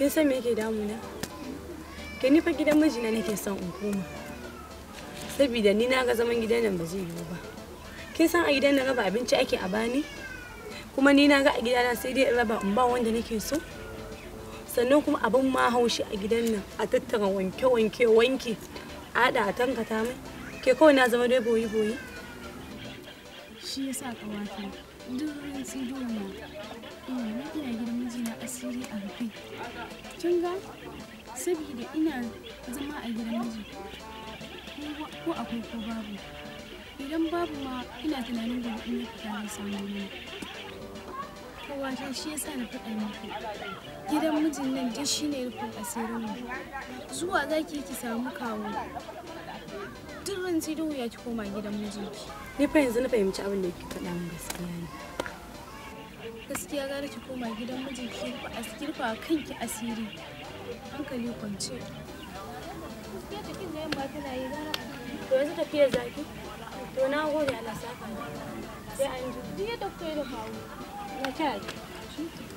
Kin san me yake damuna? Ke ni gidan mijina nake son in koma. Saboda ni na ga zaman gidan nan ba zai yiwu ba. Kin san a gidan na raba abinci ake a bani? kuma ni na ga a gidana sai dai in raba in ba wanda nake so sannan kuma abin ma haushi a gidan nan a tattara wanke wanke wanke a haɗa a tankata mai ke kawai na zama dai boyi boyi shi yasa kawata duk ran sai dole eh, na ina na ina gidan mijina asiri a rufe kin ga saboda ina zama a gidan miji ko akwai ko babu idan babu ma ina tunanin da in yi fita na samu ne kowa ta shi sa na faɗa muku gidan mijin nan duk shine rufin asirin mu zuwa za ki ki samu kawo duk ranci da wuya ki koma gidan mijinki ni fa yanzu na fahimci abin da yake faɗa min gaskiya ne gaskiya gara ki koma gidan mijin ki asirfa kanki asiri hankali kwance gaskiya tafiya yamma tana yi gara to yanzu tafiyar zaki تو ناغمه الله ساکانی یعنی بیا اینو دیدی دکتر یهو اومد